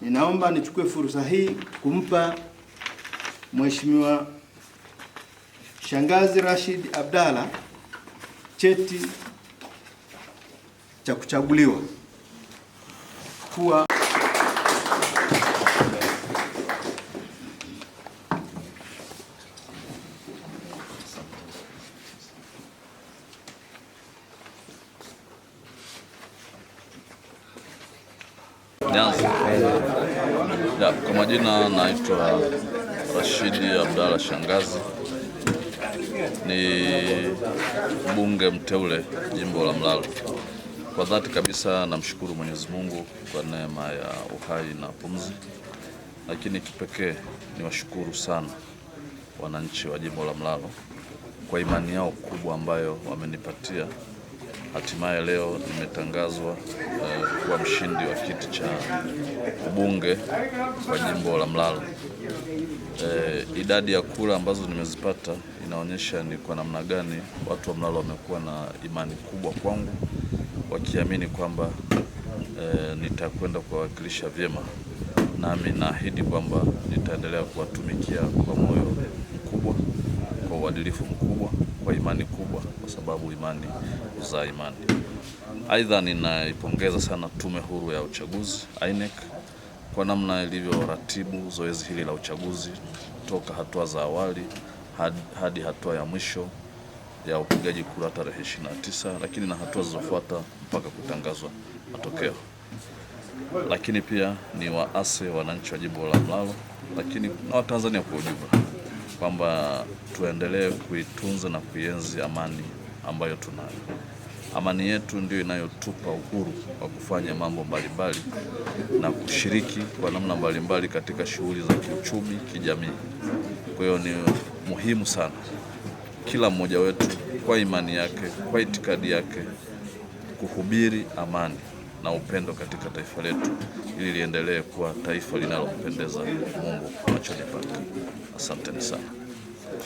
Ninaomba nichukue fursa hii kumpa Mheshimiwa Shangazi Rashid Abdalla cheti cha kuchaguliwa kuwa Nianze ya kwa majina, naitwa Rashidi Abdalla Shangazi, ni mbunge mteule jimbo la Mlalo. Kwa dhati kabisa namshukuru Mwenyezi Mungu kwa neema ya uhai na pumzi, lakini kipekee niwashukuru sana wananchi wa jimbo la Mlalo kwa imani yao kubwa ambayo wamenipatia hatimaye leo nimetangazwa uh, kuwa mshindi wa kiti cha ubunge kwa jimbo la Mlalo. Uh, idadi ya kura ambazo nimezipata inaonyesha ni kwa namna gani watu wa Mlalo wamekuwa na imani kubwa kwangu, wakiamini kwamba uh, nitakwenda kuwawakilisha vyema, nami naahidi kwamba nitaendelea kuwatumikia kwa moyo mkubwa, kwa uadilifu mkubwa kwa imani kubwa, kwa sababu imani huzaa imani. Aidha, ninaipongeza sana Tume Huru ya Uchaguzi INEC kwa namna ilivyoratibu zoezi hili la uchaguzi toka hatua za awali hadi, hadi hatua ya mwisho ya upigaji kura tarehe 29, lakini na hatua zilizofuata mpaka kutangazwa matokeo. Lakini pia ni waase wananchi wa jimbo la Mlalo, lakini na Watanzania kwa ujumla kwamba tuendelee kuitunza na kuienzi amani ambayo tunayo. Amani yetu ndio inayotupa uhuru wa kufanya mambo mbalimbali na kushiriki kwa namna mbalimbali katika shughuli za kiuchumi, kijamii. Kwa hiyo ni muhimu sana kila mmoja wetu kwa imani yake, kwa itikadi yake kuhubiri amani na upendo katika taifa letu ili liendelee kuwa taifa linalompendeza Mungu machoni pake. Asanteni sana.